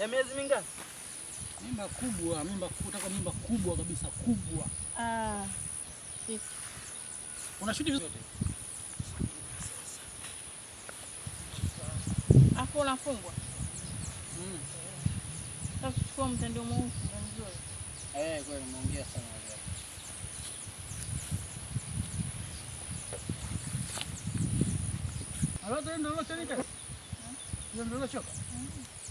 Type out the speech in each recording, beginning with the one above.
ya miezi mingapi? Mimba kubwa, mimba kutaka mimba kubwa kabisa kubwa. Ah. shuti vizuri. Hapo unafungwa. Mm. Sasa chukua mtandao mweusi mzuri. Eh, kweli umeongea sana leo. Alata mm. ndio lolote nika. Ndio lolote choka. Mm.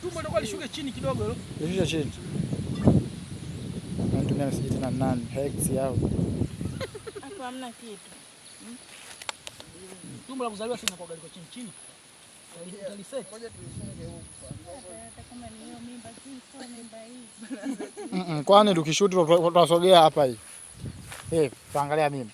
tumbo ndio lishuke chini kidogo, lishuke chini. Natumia tena nani hex yao hapo, hamna kitu. Hmm. Tumbo la kuzaliwa sina kwa chini chini kwani tukishuti tutasogea hapa hii. Eh, tuangalia mimba.